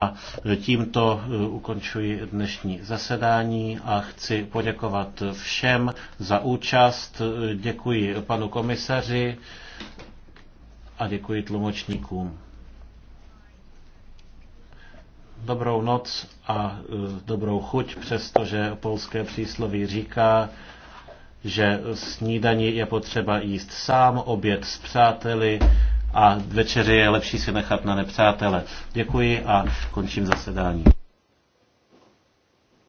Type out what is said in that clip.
A tímto eh, ukončuji dnešní zasedání a chci poděkovat všem za účast. Eh, děkuji panu komisaři a děkuji tlumočníkům. Dobrou noc a eh, dobrou chuť, přestože polské přísloví říká, že snídaní je potřeba jíst sám, oběd s přáteli, a večeři je lepší si nechat na nepřátele. Děkuji a končím zasedání.